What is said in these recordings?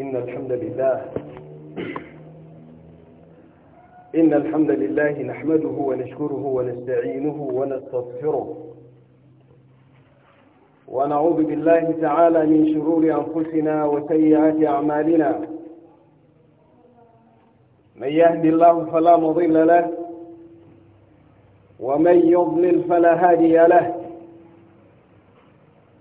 إن الحمد لله إن الحمد لله نحمده ونشكره ونستعينه ونستغفره ونعوذ بالله تعالى من شرور أنفسنا وسيئات أعمالنا من يهد الله فلا مضل له ومن يضلل فلا هادي له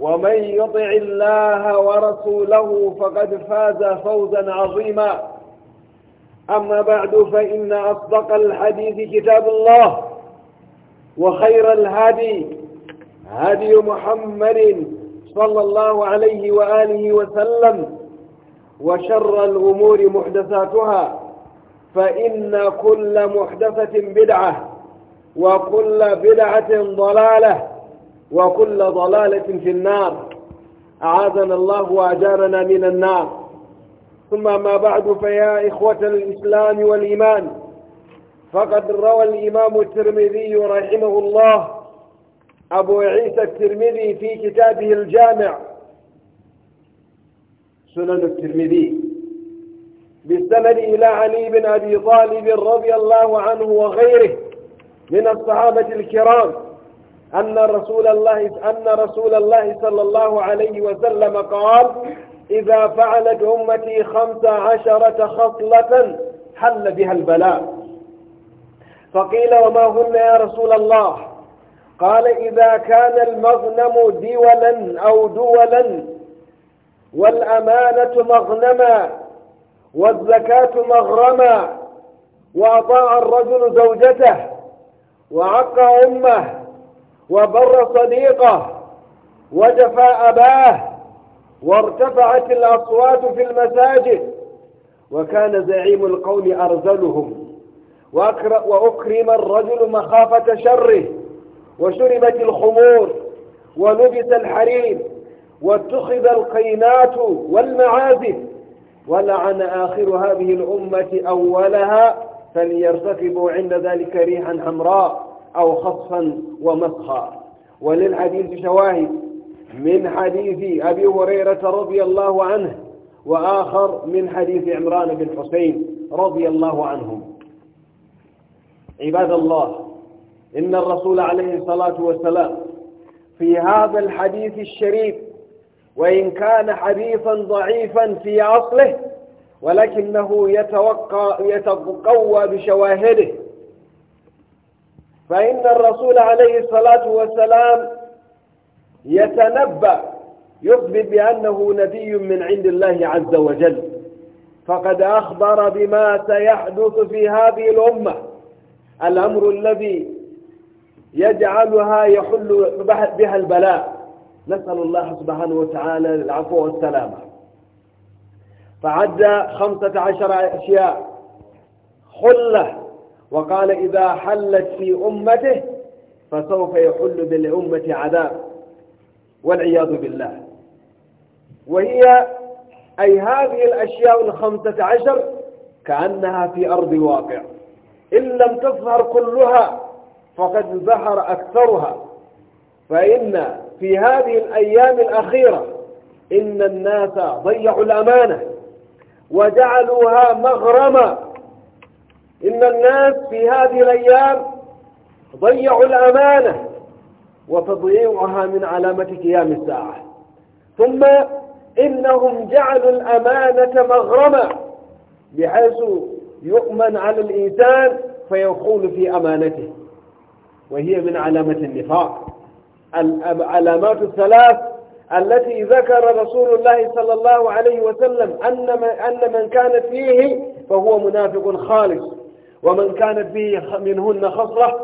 ومن يطع الله ورسوله فقد فاز فوزا عظيما أما بعد فإن أصدق الحديث كتاب الله وخير الهادي هدي محمد صلى الله عليه وآله وسلم وشر الأمور محدثاتها فإن كل محدثة بدعة وكل بدعة ضلالة وكل ضلالة في النار أعاذنا الله وأجارنا من النار ثم ما بعد فيا إخوة الإسلام والإيمان فقد روى الإمام الترمذي رحمه الله أبو عيسى الترمذي في كتابه الجامع سنن الترمذي بالسند إلى علي بن أبي طالب رضي الله عنه وغيره من الصحابة الكرام أن رسول الله أن رسول الله صلى الله عليه وسلم قال إذا فعلت أمتي خمس عشرة خصلة حل بها البلاء فقيل وما هن يا رسول الله قال إذا كان المغنم دولا أو دولا والأمانة مغنما والزكاة مغرما وأطاع الرجل زوجته وعق أمه وبر صديقه وجفى أباه وارتفعت الأصوات في المساجد وكان زعيم القوم أرذلهم وأكرم الرجل مخافة شره وشربت الخمور ولبس الحريم واتخذ القينات والمعازف ولعن آخر هذه الأمة أولها فليرتكبوا عند ذلك ريحا حمراء أو خصفا ومسخا وللحديث شواهد من حديث أبي هريرة رضي الله عنه وآخر من حديث عمران بن حسين رضي الله عنهم عباد الله إن الرسول عليه الصلاة والسلام في هذا الحديث الشريف وإن كان حديثا ضعيفا في أصله ولكنه يتوقى يتقوى بشواهده فإن الرسول عليه الصلاة والسلام يتنبأ يخبر بأنه نبي من عند الله عز وجل فقد أخبر بما سيحدث في هذه الأمة الأمر الذي يجعلها يحل بها البلاء نسأل الله سبحانه وتعالى العفو والسلامة فعد خمسة عشر أشياء خلة وقال إذا حلت في أمته فسوف يحل بالأمة عذاب والعياذ بالله وهي أي هذه الأشياء الخمسة عشر كأنها في أرض واقع إن لم تظهر كلها فقد ظهر أكثرها فإن في هذه الأيام الأخيرة إن الناس ضيعوا الأمانة وجعلوها مغرما إن الناس في هذه الأيام ضيعوا الأمانة وتضييعها من علامة قيام الساعة ثم إنهم جعلوا الأمانة مغرما بحيث يؤمن على الإنسان فيقول في أمانته وهي من علامة النفاق العلامات الثلاث التي ذكر رسول الله صلى الله عليه وسلم أن من, أن من كانت فيه فهو منافق خالص ومن كانت به منهن خصلة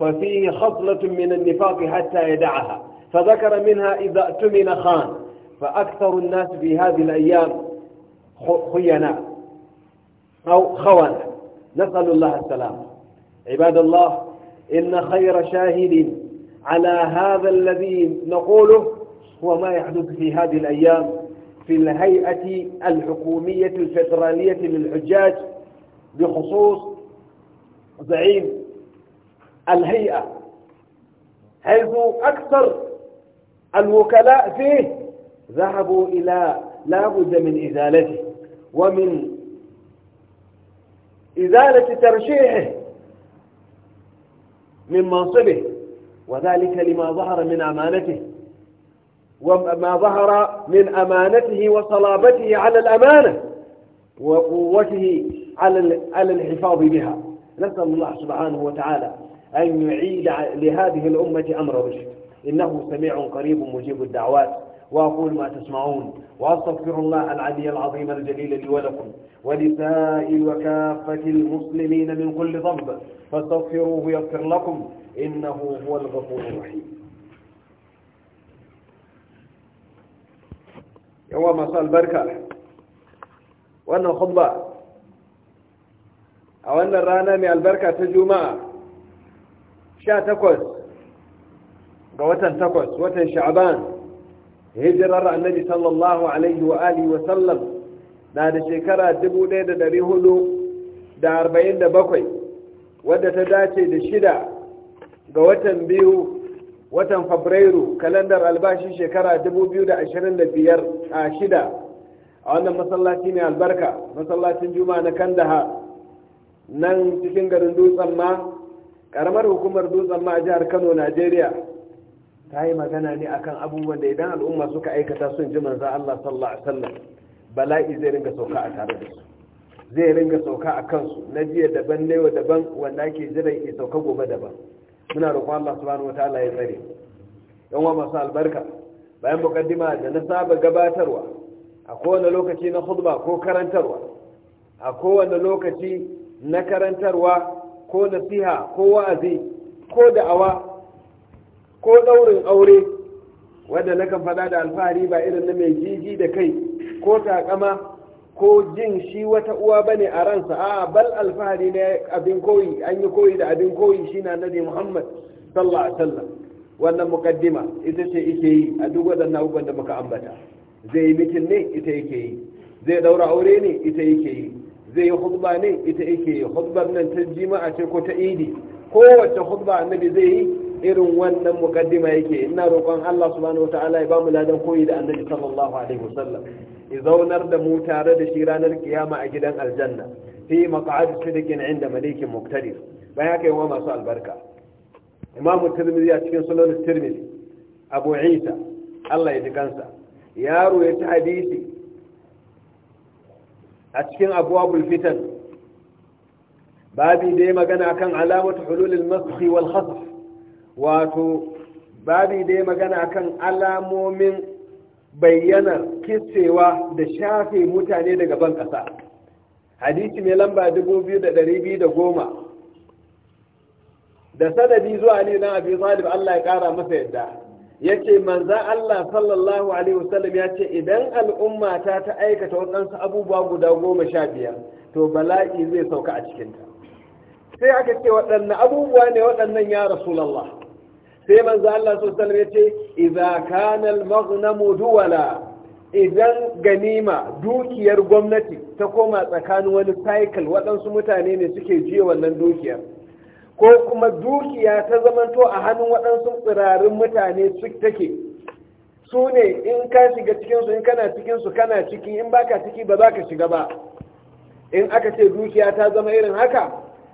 ففيه خصلة من النفاق حتى يدعها فذكر منها إذا اؤتمن خان فأكثر الناس في هذه الأيام خيناء أو خوانا نسأل الله السلام عباد الله إن خير شاهد على هذا الذي نقوله هو ما يحدث في هذه الأيام في الهيئة الحكومية الفدرالية للحجاج بخصوص زعيم الهيئة حيث أكثر الوكلاء فيه ذهبوا إلى لا بد من إزالته ومن إزالة ترشيحه من منصبه وذلك لما ظهر من أمانته وما ظهر من أمانته وصلابته على الأمانة وقوته على الحفاظ بها نسأل الله سبحانه وتعالى أن يعيد لهذه الأمة أمر رشد إنه سميع قريب مجيب الدعوات وأقول ما تسمعون وأستغفر الله العلي العظيم الجليل لي ولكم ولسائر وكافة المسلمين من كل ذنب فاستغفروه يغفر لكم إنه هو الغفور الرحيم يوم مساء البركة وأنا خطبة a wannan rana mai albarka ta juma'a sha takwas ga watan takwas watan sha'aban hijirar annabi sallallahu alaihi wa alihi wa sallam na da shekara 1447 wadda ta dace da shida ga watan biyu watan fabrairu kalandar albashi shekara 2025 a shida a wannan masallaci mai albarka masallacin juma'a na kandahar nan cikin garin dutsen ma karamar hukumar dutsen ma a jihar kano najeriya ta yi magana ne akan abubuwan da idan al'umma suka aikata sun ji manzan allah sallallahu alaihi wasallam bala'i zai ringa sauka a tare da su zai ringa sauka a kansu na jiya daban na daban wanda ake jiran ya sauka gobe daban muna roƙon allah subhanahu wataala ya tsare yan wa masu albarka bayan mukaddima da na saba gabatarwa a kowane lokaci na hudba ko karantarwa a kowane lokaci na karantarwa ko nasiha ko wa'azi ko da'awa ko ɗaurin aure wadda na kan da alfahari ba irin na mai jiji da kai ko takama ko jin shi wata uwa bane a ransa a bal alfahari ne abin koyi an yi koyi da abin koyi shi na nabi muhammad sallallahu alaihi wasallam wannan mukaddima ita ce ike yi a duk wadannan abubuwan da muka ambata zai yi mitin ne ita yake yi zai ɗaura aure ne ita yake yi zai yi hudba ne ita yake yi hudbar nan ta jima'a ce ko ta idi kowace hudba annabi zai yi irin wannan mukaddima yake ina roƙon Allah subhanahu wata'ala ya bamu ladan koyi da annabi sallallahu alaihi wasallam ya zaunar da mu tare da shi ranar kiyama a gidan aljanna fi maq'ad sidiqin inda malikin muqtadir bayan haka yawa masu albarka imam tirmidhi a cikin sunan tirmidhi abu isa Allah ya ji kansa yaro ya ci hadisi a cikin abuwabul fitan babi da magana kan alamatu hululil masu wal khasf wato babi da magana kan alamomin bayyana kisewa da shafe mutane daga ban ƙasa hadisi mai lamba 2210 da da sanadi zuwa ne dan abi zalib Allah ya kara masa yadda yace manzan Allah sallallahu alaihi wasallam ya ce idan al'umma ta ta aikata waɗansu abubuwa guda goma sha biyar to bala'i zai sauka a cikinta sai aka ce waɗanne abubuwa ne waɗannan ya rasulallah sai manzan Allah sallallahu alaihi wasallam ya ce idza kana al-maghnamu duwala idan ganima dukiyar gwamnati ta koma tsakanin wani cycle waɗansu mutane ne suke jiye wannan dukiyar ko kuma dukiya ta zamanto a hannun waɗansu tsirarin mutane su take su ne in ka shiga cikinsu in kana cikinsu kana ciki in baka ciki ba za ka shiga ba in aka ce dukiya ta zama irin haka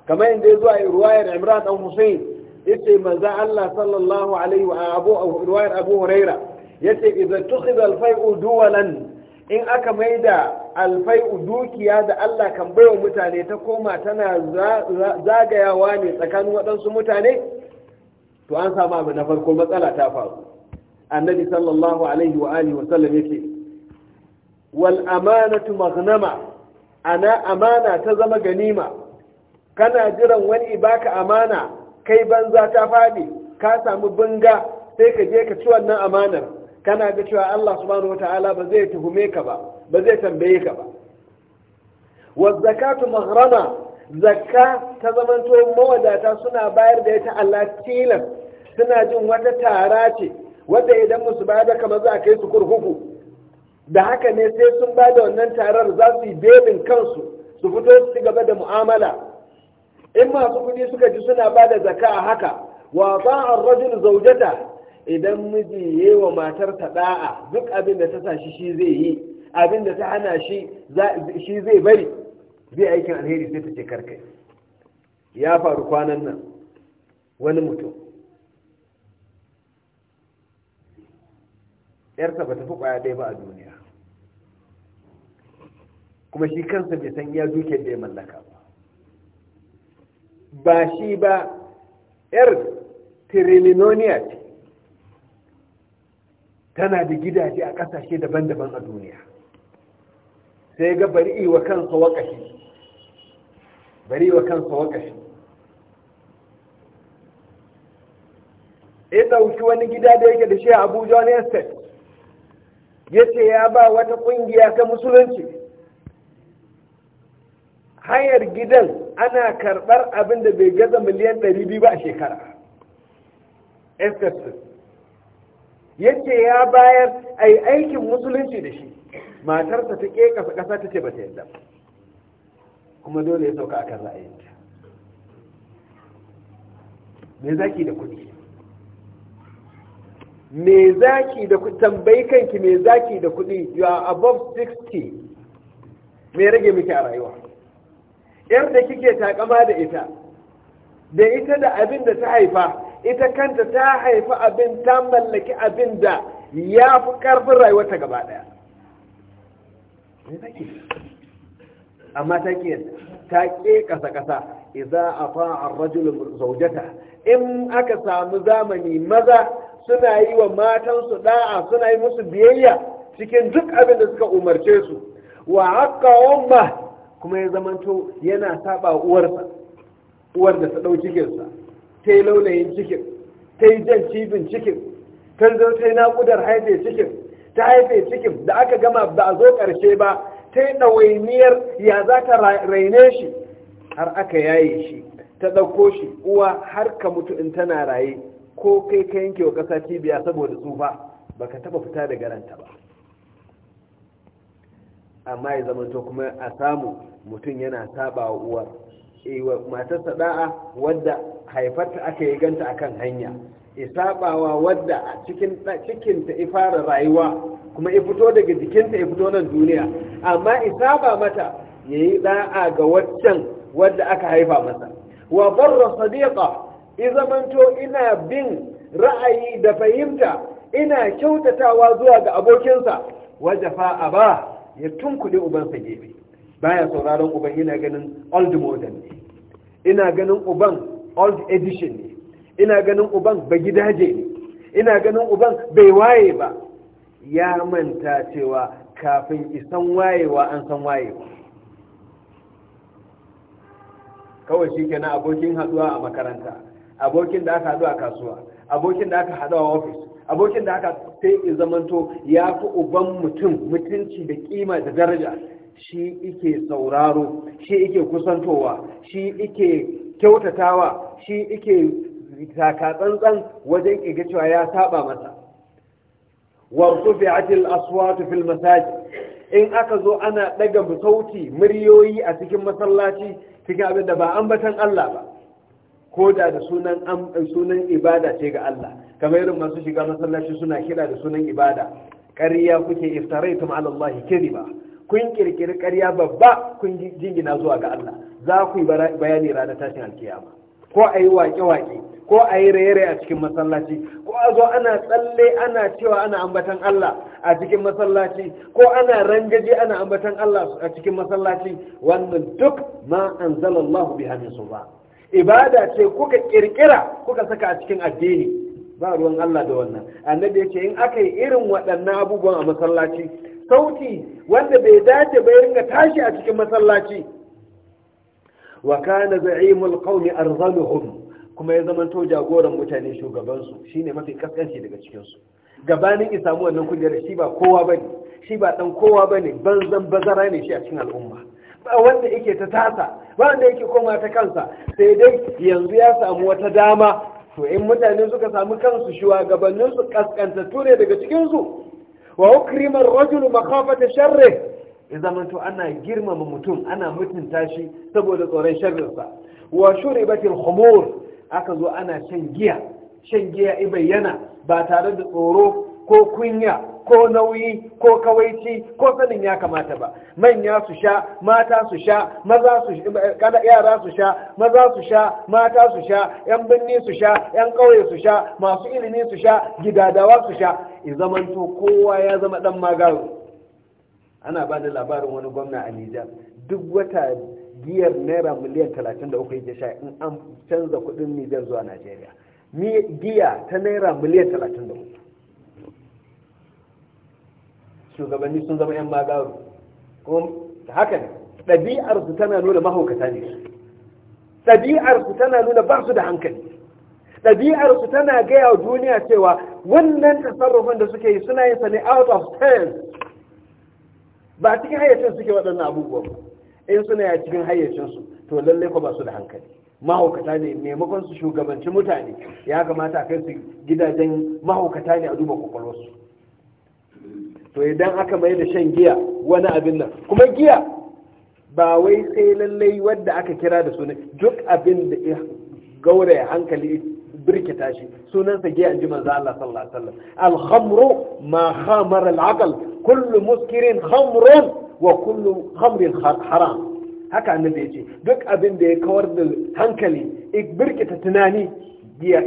kamar inda ya zuwa ruwayar imran dan hussein ce maza allah sallallahu alaihi wa abu ruwayar abu huraira yace ce tukhidha al-fai'u duwalan in aka maida alfai'u dukiya da Allah kan baiwa mutane ta koma tana zagayawa ne tsakanin waɗansu mutane to an samu abu na farko matsala ta faru annabi sallallahu alaihi wa alihi wa sallam yake wal amanatu maghnama ana amana ta zama ganima kana jiran wani baka amana kai banza ta faɗi? ka samu binga sai ka je ka ci wannan amanar kana ga cewa Allah subhanahu ta'ala) ba zai tuhume ka ba ba zai tambaye ka ba wa zakatu maghrama zakka ta zamanto mawadata suna bayar da ita Allah tilas suna jin wata tara ce wadda idan musu bayar da kamar za kai su kurkuku da haka ne sai sun ba da wannan tarar za su yi belin kansu su fito su ci gaba da mu'amala in masu kuɗi suka ji suna ba da zaka a haka wa ba'ar rajul zaujata idan miji ya wa matar ta ɗa'a, duk abin da ta sa shi shi zai yi abin da ta hana shi shi zai bari zai aikin alheri sai ta ce karkai ya faru kwanan nan wani mutum yarsa ba fi kwaya ɗaya ba a duniya kuma shi kansa bai san iya dukiyar da ya mallaka ba ba shi ba yar tirilinoniya tana da gidaje a ƙasashe daban-daban a duniya sai ga bari wa kansa wakashi bari wa kansa wakashi ya ɗauki wani gida da yake da shi a abuja wani estate ya ce ya ba wata ƙungiya ta musulunci hanyar gidan ana karɓar abin da bai gaza miliyan 200 ba a shekara estate yace ya bayar a yi aikin musulunci da shi matarsa ta ke kasa kasa ta ce ba ta yadda kuma dole ya sauka kan ra'ayinta me zaki da kudi me zaki da kuɗi tambayi kanki me zaki da kuɗi you are above 60 me rage miki a rayuwa yar da kike takama da ita da ita da abin da ta haifa ita kanta ta haifi abin ta mallaki abin da ya fi ƙarfin rayuwarta gaba ɗaya amma ta ke ta ke ƙasa-ƙasa iza a fa'ar rajulun zaujata in aka samu zamani maza suna yi wa matansu ɗa'a suna yi musu biyayya cikin duk abin da suka umarce su wa haka umma kuma ya zamanto yana saba uwarsa uwar da ta ɗauki kinsa ta yi laulayin cikin ta yi jan cibin cikin ta zo ta yi naƙudar haife cikin ta haife cikin da aka gama ba a zo ƙarshe ba ta yi ɗawainiyar ya za ta raine shi har aka yaye shi ta ɗauko shi uwa har ka mutu in tana raye ko kai ka yanke wa ƙasa cibiya saboda tsufa ba ka taɓa fita daga ranta ba amma ya zamanto kuma a samu mutum yana saɓawa wa uwar Eh, matarsa ɗa'a wadda haifarta aka yi ganta a kan hanya isabawa wadda a cikinta ifara rayuwa kuma ya fito daga jikinta ya fito nan duniya amma isaba mata ya yi da'a ga waccan wadda aka haifa masa wa barra sadiqa izamanto ina bin ra'ayi da fahimta ina kyautatawa zuwa ga abokinsa wajafa ba ya tunkuɗi ubansa gefe baya sauraron uban ina ganin old modern ne ina ganin uban old edition ne ina ganin uban ba gidaje ne ina ganin uban bai waye ba ya manta cewa kafin isan wayewa an san wayewa kawai shi kenan abokin haduwa a makaranta abokin da aka haɗu a kasuwa abokin da aka haɗu a ofis abokin da aka sai zamanto ya fi uban mutum mutunci da kima da daraja shi ike sauraro shi ike kusantowa shi ike kyautatawa shi ike taka tsantsan wajen ƙirga cewa ya saba masa warsufi'atil aswatu fil masaji in aka zo ana ɗaga sauti muryoyi a cikin masallaci cikin abin da ba ambatan Allah ba ko da da sunan ibada ce ga Allah kamar irin masu shiga masallaci suna kira da sunan ibada ƙarya kuke iftaraitum ala Allah ba. kun kirkiri ƙarya babba kun jingina zuwa ga Allah za ku yi bayani ranar tashin alkiyama ko a yi waƙe-waƙe ko a yi raye a cikin masallaci ko a zo ana tsalle ana cewa ana ambatan Allah a cikin masallaci ko ana rangaje ana ambatan Allah a cikin masallaci wannan duk ma anzalallahu biha min ba. ibada ce kuka kirkira kuka saka a cikin addini ba ruwan Allah da wannan annabi ya in aka yi irin waɗannan abubuwan a masallaci sauti wanda bai dace bai ringa tashi a cikin masallaci wa kana za'imul qawmi arzaluhum kuma ya to jagoran mutane shugaban su shine mafi kaskanci daga cikin su gabanin ya samu wannan kujerar shi ba kowa bane shi ba dan kowa bane banzan bazara ne shi a cikin al'umma ba wanda yake ta tasa ba wanda yake koma ta kansa sai dai yanzu ya samu wata dama to in mutane suka samu kansu shugabannin su kaskantattu ne daga cikin su وأكرم الرجل مخافة شره إذا ما انتو أنا جرم ممتون أنا متن تاشي سبو لطوري شرسا وشربت الخمور أكذو أنا شنجيا شنجيا إبينا باتارد اوروف ko kunya ko nauyi ko kawaici ko sanin ya kamata ba manya su sha mata su sha maza su eh, yara su sha maza su sha mata su sha yan birni su sha yan ƙauye su sha masu ilimi su sha gidadawa su sha zamanto kowa ya zama dan magaru ana ba da labarin wani gwamna a Nijar duk wata giyar naira miliyan 33 yake sha in an canza kudin Nijar zuwa Najeriya giya ta naira miliyan 33 shugabanni sun zama yan magaru kuma haka ne ɗabi'ar su tana nuna mahaukata ne ɗabi'ar su tana nuna ba su da hankali ɗabi'ar su tana gaya wa duniya cewa wannan tasarrufin da suke yi suna yin sa ne out of ten ba cikin hayyacin suke waɗannan abubuwan ba in suna ya cikin hayyacinsu to lallai ko ba su da hankali mahaukata ne maimakon su shugabanci mutane ya kamata a kai su gidajen mahaukata ne a duba kwakwalwarsu to idan aka mai da shan giya wani abin nan kuma giya ba wai sai lallai wadda aka kira da sunan. duk abin da ya gauraya hankali birkita shi sunansa giya in ji manzo Allah sallallahu alaihi wasallam al-khamru ma khamara al-aql kullu muskirin khamrun wa kullu khamrin haram haka annabi yace duk abin da ya kawar da hankali birkita tunani giya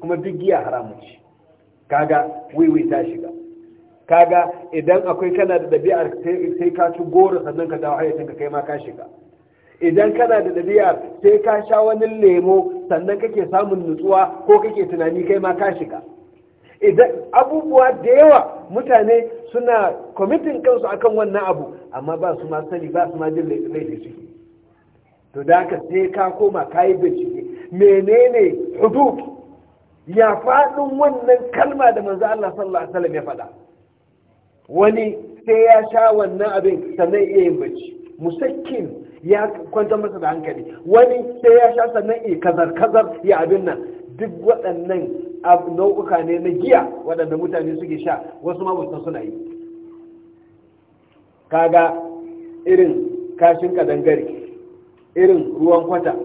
kuma duk giya haramun ce kaga wiwi ta shiga kaga idan akwai kana da ɗabi'ar sai ka ci goro sannan ka dawo hayyacin ka kai ma ka shiga idan kana da ɗabi'ar sai ka sha wani lemo sannan kake samun nutsuwa ko kake tunani kai ma ka shiga idan abubuwa da yawa mutane suna kwamitin kansu akan wannan abu amma ba su ma sani ba su ma jin laifin ciki to da haka sai ka koma ka yi bincike menene hudu ya faɗin wannan kalma da manzo Allah sallallahu alaihi wasallam ya faɗa wani sai ya sha wannan abin sannan iya yin bacci musakkin ya kwantar masa da hankali wani sai ya sha sannan iya kazar kazar ya abin nan duk waɗannan nau'uka ne na giya waɗanda mutane suke sha wasu ma mutum suna yi kaga irin kashin kadangare irin ruwan kwata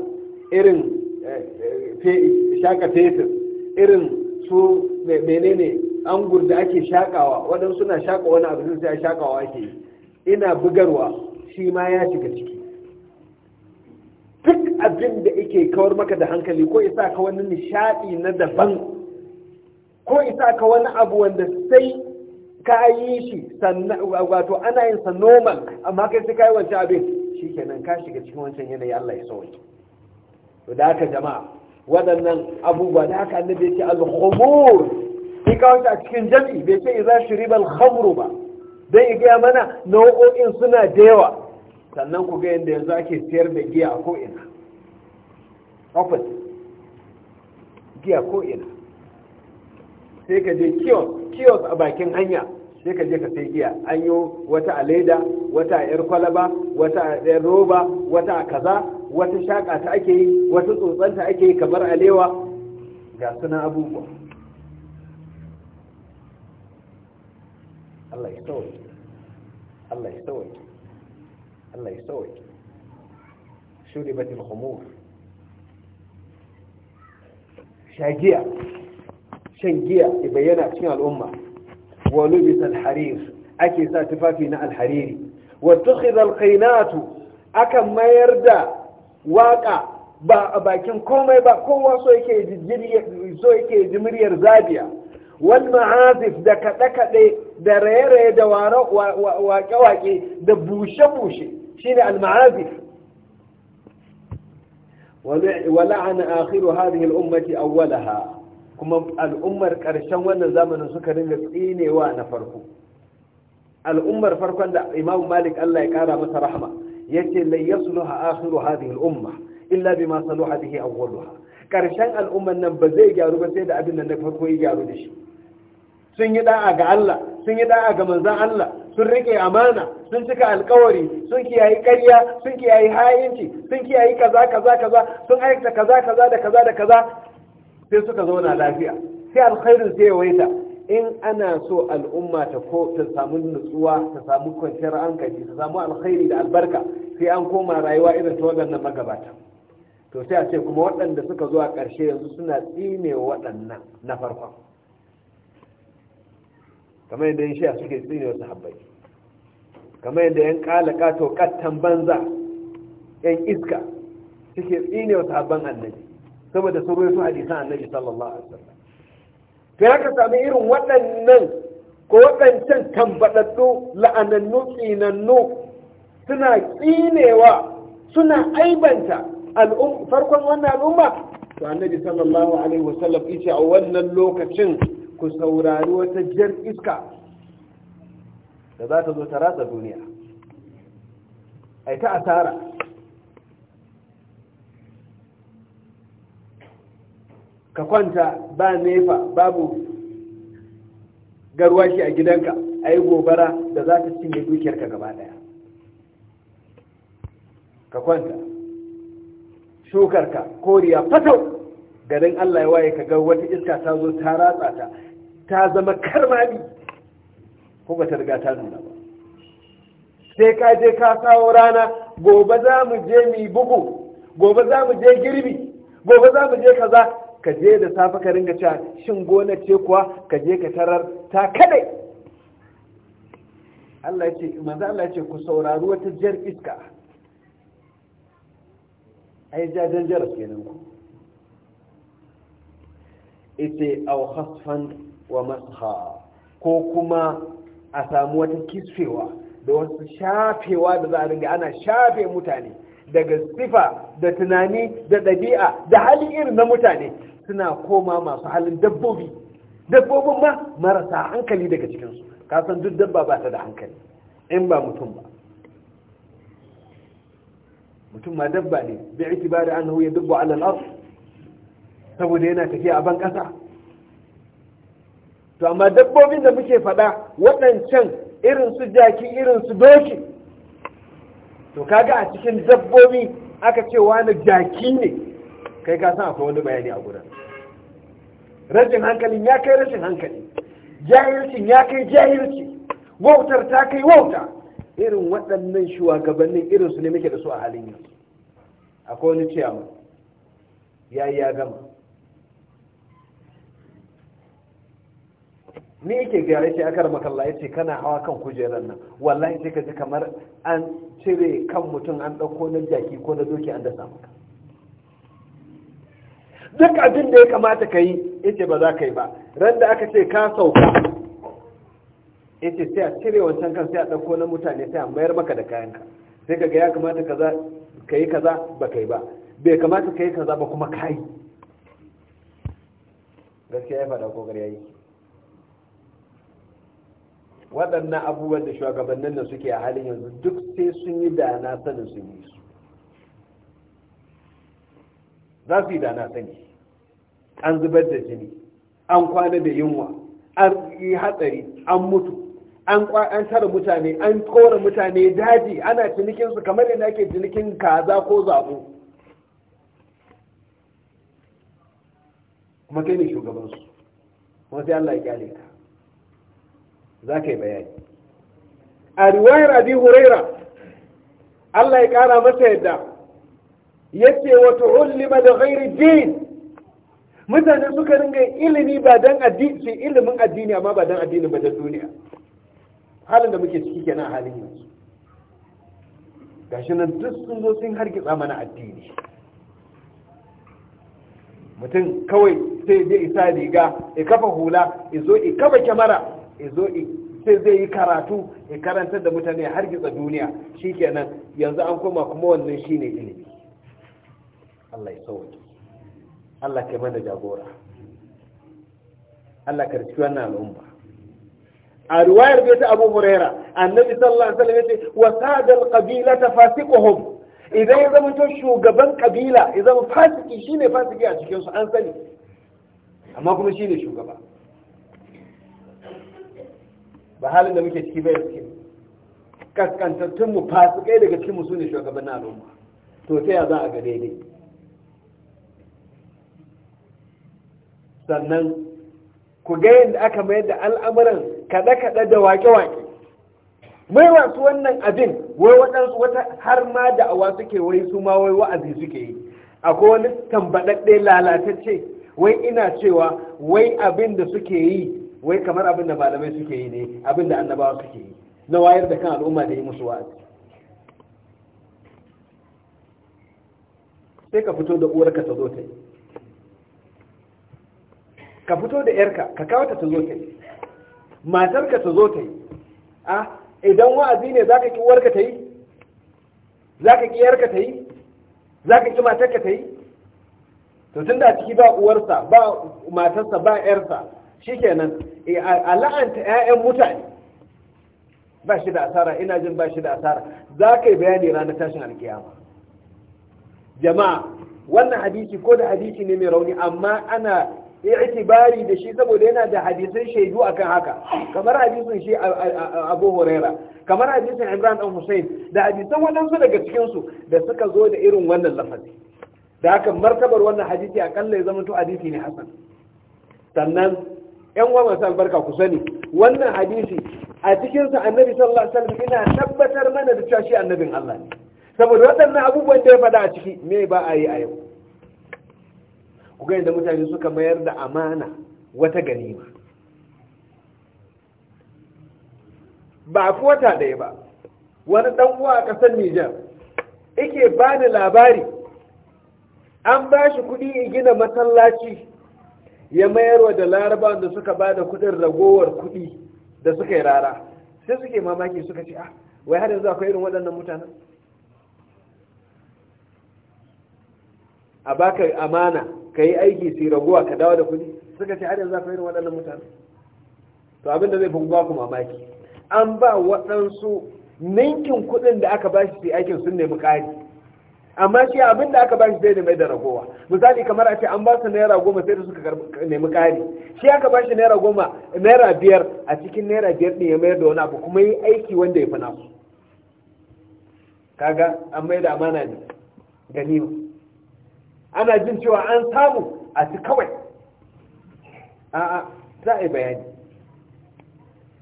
irin eh, eh, shaka fetur irin su menene angur da ake shakawa waɗansu suna shaka wani abu sai shakawa ake ina bugarwa shi ma ya shiga ciki duk abin da yake kawar maka da hankali ko isa ka wani nishadi na daban ko isa ka wani abu wanda sai ka yi shi wato ana yin sa normal amma kai sai ka yi wancan abin shi kenan ka shiga cikin wancan yanayi Allah ya sauke to da haka jama'a waɗannan abubuwa da haka annabi ya ce al-khumur ka kawo a cikin jam'i bai ce za shi ribar khamru ba don ya gaya mana nau'o'in suna da yawa sannan ku ga yadda yanzu ake siyar da giya ko ina ofis giya ko ina sai ka je kiosk a bakin hanya sai ka je ka sai giya an yi wata a leda wata a yar kwalaba wata a yar roba wata a kaza wata shaƙa ta ake yi wata tsotsanta ake yi kamar alewa ga sunan abubuwa يستوي الله يستوي الله يستوي شربت الخمور شاجية شنجية يبينها في الأمة ولبس الحرير أكي ساتفافينا الحريري واتخذ القينات أكا ما يردى واقع ba a bakin komai ba kowa so yake so yake jimiryar zabiya wal ma'azif da kaɗe-kaɗe da raye-raye da wake-wake da bushe-bushe shine al-ma'azif ولعن آخر هذه الأمة أولها kuma al'ummar ƙarshen wannan zamanin suka ringa tsinewa na farko al'ummar farkon da imamu malik allah ya ƙara masa rahama ya ce lai ya suluha akhiru hadhihi al'umma illa bima saluha bihi awwaluha ƙarshen al'ummar nan ba zai gyaru ba sai da abin da na farko ya gyaru da shi sun yi da'a ga Allah sun yi da'a ga manzan Allah sun rike amana sun cika alkawari sun kiyaye ƙarya sun kiyaye hayinci sun kiyaye kaza kaza kaza sun aikata kaza kaza da kaza da kaza sai suka zauna lafiya sai alkhairin zai yawaita in ana so al'umma ta ko ta samu nutsuwa ta samu kwanciyar hankali ta samu alkhairi da albarka sai an koma rayuwa irin ta waɗannan magabata to sai a ce kuma waɗanda suka zo a ƙarshe yanzu suna tsine waɗannan na farkon kamar yadda yin shiya suke tsine wasu habbai kamar yadda yan kalaka to kattan banza yan iska suke tsine wasu habban annabi saboda sun rufe hadisan annabi sallallahu alaihi wasallam to ya ka sami irin waɗannan ko waɗancan tambaɗaɗɗu la'anannu tsinannu suna tsinewa suna aibanta farkon wannan al'umma to annabi sallallahu alaihi wasallam ita a wannan lokacin ku saurari wata jar iska da za ta zo ta ratsa duniya Aita asara ka kwanta ba nefa babu garwashi a gidanka a yi gobara da za ta cinye dukiyarka gaba daya ka kwanta shukarka koriya fatau garin allah ya waye ka ga wata iska ta zo ta ratsa ta ta zama karmami ko ba ta riga ta nuna ba sai ka je ka kawo rana gobe za mu je mi bugu gobe za mu je girbi gobe za mu je kaza ka je da safe ka ringa cewa shin gona ce kuwa ka je ka tarar ta kadai Allah ce manzo Allah ce ku saurari wata jar iska ai jajen jarar kenan ku ite aw khasfan wa masha ko kuma a samu wata kisfewa da wasu shafewa da za a ringa ana shafe mutane daga sifa da tunani da ɗabi'a da hali irin na mutane suna koma masu halin dabbobi dabbobin ma marasa hankali daga cikinsu kasan duk dabba ba ta da hankali in ba mutum ba mutum ma dabba ne bai ba da annahu ya dabba alal saboda yana tafiya a ban ƙasa to amma dabbobin da muke faɗa waɗancan irin su jaki irin su doki to kaga a cikin dabbobi aka ce wani jaki ne kai ka san akwai wani bayani a gurin rashin hankalin ya kai rashin hankali jahilcin ya kai jahilci wautar ta kai wauta irin waɗannan shugabannin irin su ne muke da su a halin yanzu akwai wani ciyama ya yi ya gama ni yake gyara shi akar makalla ya ce kana hawa kan kujerar nan wallahi sai ka ji kamar an cire kan mutum an ɗauko na jaki ko na doki an dasa maka duk abin da ya kamata ka yi ya ce ba za ka yi ba ran da aka ce ka sauka ya ce sai a cire wancan kan sai a ɗauko na mutane sai a mayar maka da kayanka sai ka ga ya kamata ka yi kaza ba ka yi ba bai kamata ka yi kaza ba kuma ka yi gaskiya ya faɗa ko ya yi waɗannan abubuwan da shugabannin da suke a halin yanzu duk sai sun yi da na sanin sun yi su za su yi da na sani an zubar da jini an kwana da yunwa an yi hatsari an mutu an tara mutane an kora mutane daji ana cinikinsu kamar yadda ake cinikin kaza ko zabo kuma kai ne shugabansu kuma sai Allah ya kyale ka za ka yi bayani a riwayar abi huraira Allah ya kara masa yadda yace wa tu'allima da ghairi din mutane suka ringa ilimi ba dan addini sai ilimin addini amma ba dan addini ba da duniya halin da muke ciki kenan halin yanzu gashi nan duk sun zo sun hargitsa mana addini mutum kawai sai zai isa riga ya kafa hula ya zo ya kafa kyamara izo sai zai yi karatu ya karantar da mutane har gitsa duniya shikenan yanzu an koma kuma wannan shine ilimi Allah ya sauke Allah kai mana jagora Allah ka rikici wannan al'umma a riwayar bai ta Abu Huraira annabi sallallahu alaihi wasallam yace wa sadal ta fasiquhum idan ya zama to shugaban kabila idan fasiki shine fasiki a cikin su an sani amma kuma shine shugaba ba halin da muke ciki bai suke kaskantattun mu fasikai daga cikin mu sune shugaban al'umma to ta ya za a ga daidai sannan ku ga yadda aka mayar da al'amuran kaɗe-kaɗe da wake-wake mai wasu wannan abin wai waɗansu wata har ma da awa suke wai su ma wai wa'azi suke yi akwai wani tambaɗaɗɗe lalatacce wai ina cewa wai abin da suke yi wai kamar abin da malamai suke yi ne abin da annabawa suke yi na wayar da kan al'umma da yi musu wa'azi sai ka fito da uwarka ta zo ta yi ka fito da yarka ka kawo ta ta zo ta yi matarka ta zo ta yi a idan wa'azi ne za ka ki uwarka ta yi za ka ki yarka ta yi za ka ki matarka ta yi to tun da ciki ba uwarsa ba matarsa ba yarsa shikenan Eh, a la'anta 'ya'yan mutane ba shi da asara ina jin ba shi da asara za ka yi bayani ranar tashin alkiyama jama'a wannan hadisi ko da hadisi ne mai rauni amma ana i'tibari da shi saboda yana da hadisan shaidu akan haka kamar hadisin shi Abu Huraira kamar hadisin Imran dan Hussein da hadisan waɗansu daga cikinsu da suka zo da irin wannan lafazi da haka martabar wannan hadisi akalla ya zama to hadisi ne hasan sannan yan uwa masu albarka ku sani wannan hadisi a cikinsa annabi sallallahu alaihi wasallam ina tabbatar mana da cewa shi annabin Allah ne saboda waɗannan abubuwan da ya faɗa a ciki me ba a yi a yau ku ga yadda mutane suka mayar da amana wata ganima ba fi wata ɗaya ba wani ɗan uwa a ƙasar Nijar ike ba ni labari an ba shi kuɗi gina masallaci ya wa da laraba da suka ba da kudin ragowar kudi da suka yi rara sai suke mamaki suka ce ah wai har yanzu akwai irin waɗannan mutanen a baka amana ka yi aiki su ragowa ka dawo da kudi suka ce har yanzu akwai irin waɗannan mutanen to abinda zai fi ba ku mamaki an ba waɗansu ninkin kudin da aka ba shi su aikin sun nemi ƙari amma shi abin da aka ba shi zai da mai da ragowa misali kamar a ce an ba su naira goma sai da suka nemi ƙari shi aka ba shi naira goma naira biyar a cikin naira biyar ɗin ya mayar da wani abu kuma yi aiki wanda ya fi nasu kaga an mai da amana ne ganima ana jin cewa an samu a ci kawai a'a za a yi bayani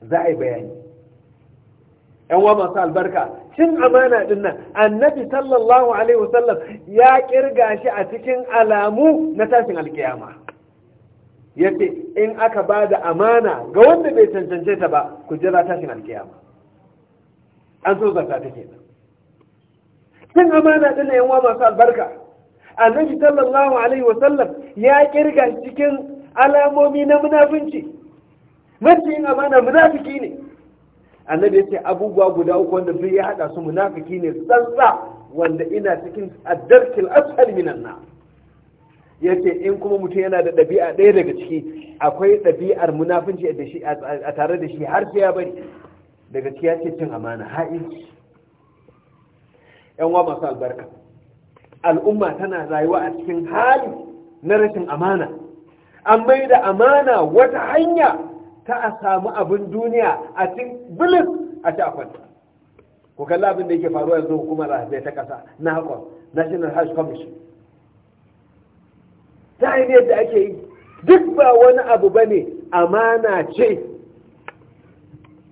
za a yi bayani yan wa masu albarka cin amana din nan annabi sallallahu alaihi wasallam ya kirga shi a cikin alamu na tashin alkiyama yace in aka ba da amana ga wanda bai cancance ta ba ku jira tashin alkiyama an so zarta ta cin amana din nan yawa masu albarka annabi sallallahu alaihi wasallam ya kirga cikin alamomi na munafunci mace yin amana munafiki ne annabi yace abubuwa guda uku wanda duk ya hada su munafiki ne tsantsa wanda ina cikin addarkil ashal minan na yace in kuma mutum yana da ɗabi'a ɗaya daga ciki akwai ɗabi'ar munafinci a tare da shi har sai ya bari daga ciki yace cin amana ha'inci yan wa masu albarka al'umma tana rayuwa a cikin hali na rashin amana an mai da amana wata hanya ta a samu abin duniya a cin bilis a ci a kwanta ku kalli abin da yake faruwa yanzu hukumar rahabai ta ƙasa na hakon national health commission ta ainihin da ake yi duk ba wani abu ba ne amana ce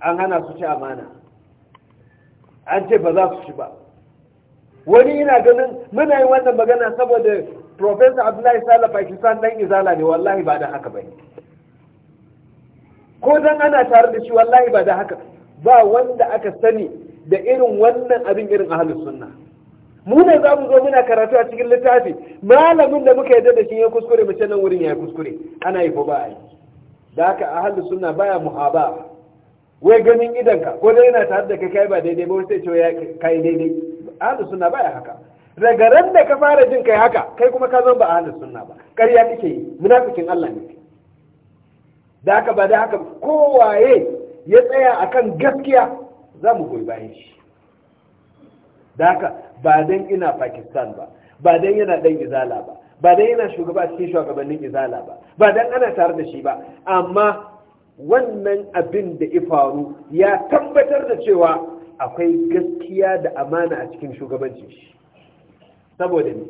an hana su ci amana an ce ba za su ci ba wani yana ganin muna yi wannan magana saboda professor abdullahi sala pakistan dan izala ne wallahi ba da haka ba ko dan ana tare da shi wallahi ba da haka ba wanda aka sani da irin wannan abin irin a sunna mu ne za mu zo muna karatu a cikin littafi malamin da muka yadda da shi ya kuskure mu nan wurin ya kuskure ana yi ba a yi da haka ahlus sunna baya muhaba wai ganin idanka ko dai yana tare da kai kai ba daidai ba sai ce ya kai daidai suna sunna baya haka daga ran da ka fara jin kai haka kai kuma ka zama ba halin sunna ba ƙarya kake yi munafikin Allah ne da haka ba da haka kowaye ya tsaya a kan gaskiya za mu goyi bayan shi da haka ba don ina pakistan ba ba don yana ɗan izala ba ba don yana shugaba cikin shugabannin izala ba ba don ana tare da shi ba amma wannan abin da ifaru ya tabbatar da cewa akwai gaskiya da amana a cikin shugabancin shi saboda ne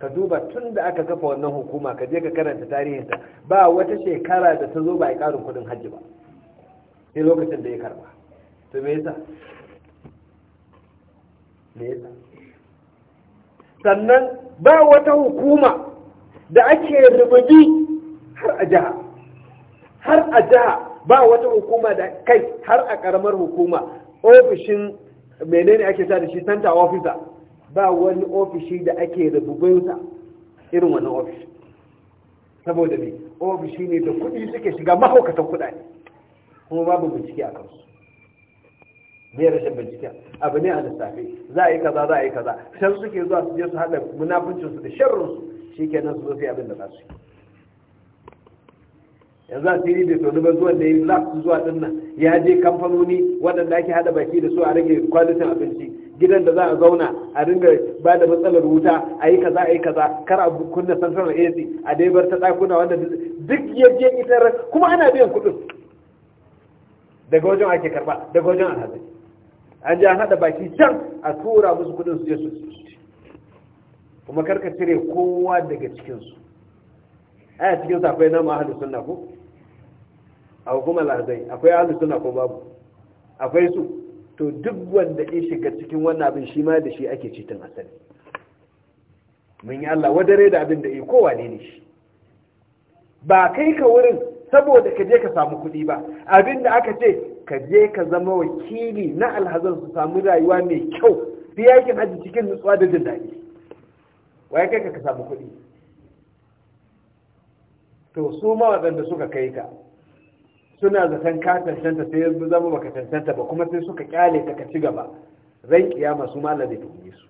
ka duba tun da aka kafa wannan hukuma ka je ka karanta tarihinta ba wata shekara da ta zo ba a karin kudin hajji ba sai lokacin da ya karba to me yasa me yasa sannan ba wata hukuma da ake rubuji har a jiha har a jiha ba wata hukuma da kai har a karamar hukuma ofishin menene ake sa da shi center officer ba wani ofishi da ake sa irin wannan ofishi saboda ne ofishi ne da kuɗi suke shiga mahaukatan kuɗaɗe kuma babu bincike a kansu ne rashin bincike abu ne a lissafi za a yi kaza za a yi kaza Shan suke zuwa su je su haɗa munafuncinsu da sharrinsu shi kenan su zo sai abin da za su yi yanzu a siri da sauni ba zuwa da yi last zuwa dinnan, nan ya je kamfanoni waɗanda ake hada baki da su a rage kwalitin abinci gidan da za a zauna a dinga ba da matsalar wuta a yi kaza a yi kaza kar a kunna central ac a dai bar ta dakuna wanda duk yaje ita kuma ana biyan kuɗin daga wajen ake karba daga wajen alhaji an ji an haɗa baki can a tura musu kuɗin su je su kuma karka cire kowa daga cikinsu aya cikin akwai na ahli sunna ko a hukumar Lazai akwai ahli sunna ko babu akwai su to duk wanda ya shiga cikin wannan abin shi ma da shi ake cikin asali mun yi Allah wadare da abin da ya kowa ne shi ba kai ka wurin saboda ka je ka samu kuɗi ba abin da aka ce ka je ka zama wakili na alhazan su samu rayuwa mai kyau fi yakin aji cikin nutsuwa da jin daɗi waye kai ka samu kuɗi to su ma waɗanda suka kai ka suna zaton ka cancanta sai ya zama baka cancanta ba kuma sai suka kyale ka ci gaba ran kiya masu ma da zai su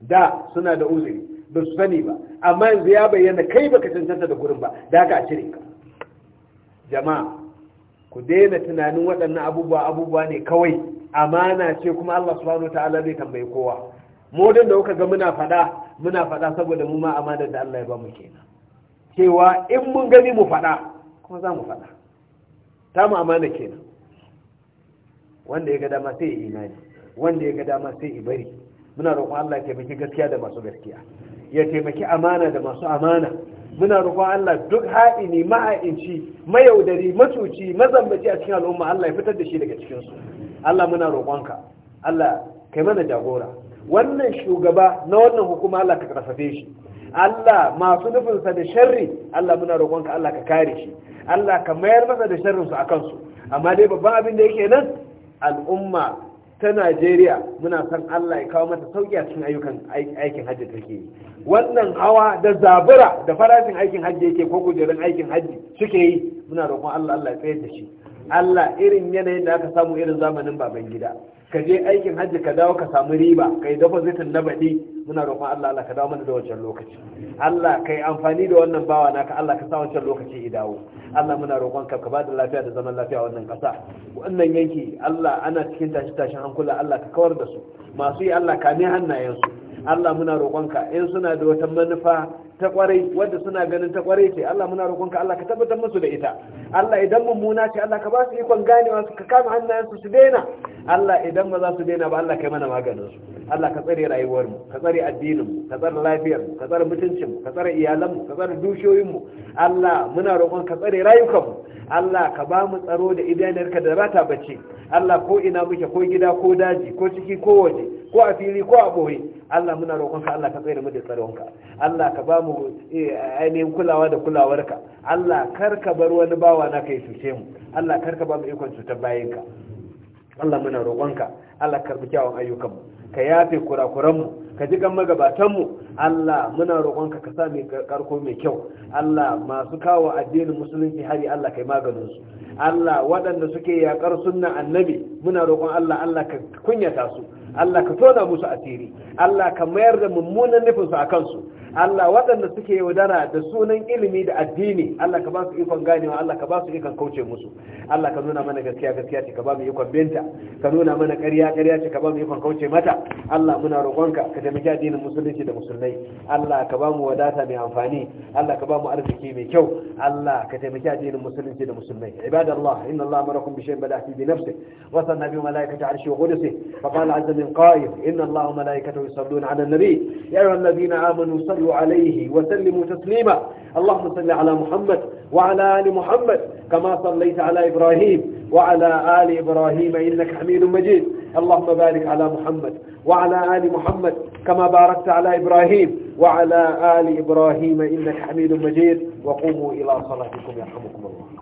da suna da uzuri ba su sani ba amma yanzu ya bayyana kai baka cancanta da gurin ba da ka cire ka jama'a ku daina tunanin waɗannan abubuwa abubuwa ne kawai amana ce kuma Allah subhanahu ta'ala zai tambayi kowa mu da kuka ga muna faɗa muna faɗa saboda mu ma amanar da Allah ya ba mu kenan cewa in mun gani mu faɗa kuma za mu faɗa ta mu amana kenan wanda ya ga dama sai ya imani wanda ya ga dama sai ya bari muna roƙon Allah ya taimaki gaskiya da masu gaskiya ya taimaki amana da masu amana muna roƙon Allah duk ha'ini ma'a'inci mayaudari matuci mazambaci a cikin al'umma Allah ya fitar da shi daga cikin su Allah muna roƙonka Allah kai mana jagora wannan shugaba na wannan hukuma Allah ka karfafe shi Allah masu nufinsa da sharri Allah muna roƙonka Allah ka kare shi Allah ka mayar masa da sharrinsu a kansu amma dai babban abin da yake nan al'umma ta Najeriya muna san Allah ya kawo mata sauki a cikin ayyukan aikin hajji take yi wannan hawa da zabura da farashin aikin hajji yake ko kujerun aikin hajji suke yi muna roƙon Allah Allah ya tsayar da shi Allah irin yanayin da aka samu irin zamanin baban gida ka je aikin hajji ka dawo ka samu riba kai dafa zitin na baɗi muna roƙon Allah Allah ka dawo mana da wancan lokaci Allah kai amfani da wannan bawa naka Allah ka sa wancan lokaci ya dawo Allah muna roƙon ka ka bada lafiya da zaman lafiya wannan ƙasa wannan yanki Allah ana cikin tashi tashin hankula Allah ka kawar da su masu yi Allah hannayen su Allah muna roƙonka in suna da wata manufa ta kwarai wadda suna ganin ta kwarai ce Allah muna roƙonka Allah ka tabbatar musu da ita Allah idan mummuna ce Allah ka ba su ikon ganewa su ka kama hannayen su daina Allah idan ba za su daina ba Allah kai mana maganin su Allah ka tsare rayuwar mu ka tsare addinin mu ka tsare lafiyar mu ka tsare mutuncin mu ka tsare iyalan mu ka tsare dukiyoyin mu Allah muna roƙon tsare rayukan mu Allah ka ba mu tsaro da idanarka da rata bace Allah ko ina muke ko gida ko daji ko ciki ko waje ko a fili ko a boye Allah muna roƙon ka Allah ka tsare mu da tsaronka Allah ka ba mu mu eh, ainihin kulawa da kulawarka Allah kar ka bar wani bawa na ka yi cuce mu Allah kar ka ba mu ikon cutar bayinka Allah muna roƙonka Allah karbi kyawun ayyukanmu ka yafe kurakuranmu ka ji gan magabatanmu Allah muna roƙonka ka sa mai karko mai kyau Allah masu kawo addinin musulunci hari Allah kai maganin su Allah waɗanda suke yaƙar sunnan annabi muna roƙon Allah Allah ka kunyata su Allah ka tona musu asiri Allah ka mayar da mummunan nufinsu a kansu Allah waɗanda suke yaudara da sunan ilimi da addini Allah ka ba su ikon ganewa Allah ka ba su ikon kauce musu Allah ka nuna mana gaskiya gaskiya ce ka ba mu ikon binta ka nuna mana ƙarya ƙarya ce ka ba mu ikon kauce mata Allah muna roƙonka ka taimaki addinin musulunci da musulmai Allah ka ba mu wadata mai amfani Allah ka ba mu arziki mai kyau Allah ka taimaki addinin musulunci da musulmai ibadallah inna Allah amarakum bi shay'in bada fi bi nafsihi wa sanna bi malaikati arshi wa qudusi fa qala azza min قائل إن الله وملائكته يصلون على النبي يا أيها الذين آمنوا صلوا عليه وسلموا تسليما اللهم صل على محمد وعلى آل محمد كما صليت على إبراهيم وعلى آل إبراهيم إنك حميد مجيد اللهم بارك على محمد وعلى آل محمد كما باركت على إبراهيم وعلى آل إبراهيم إنك حميد مجيد وقوموا إلى صلاتكم يرحمكم الله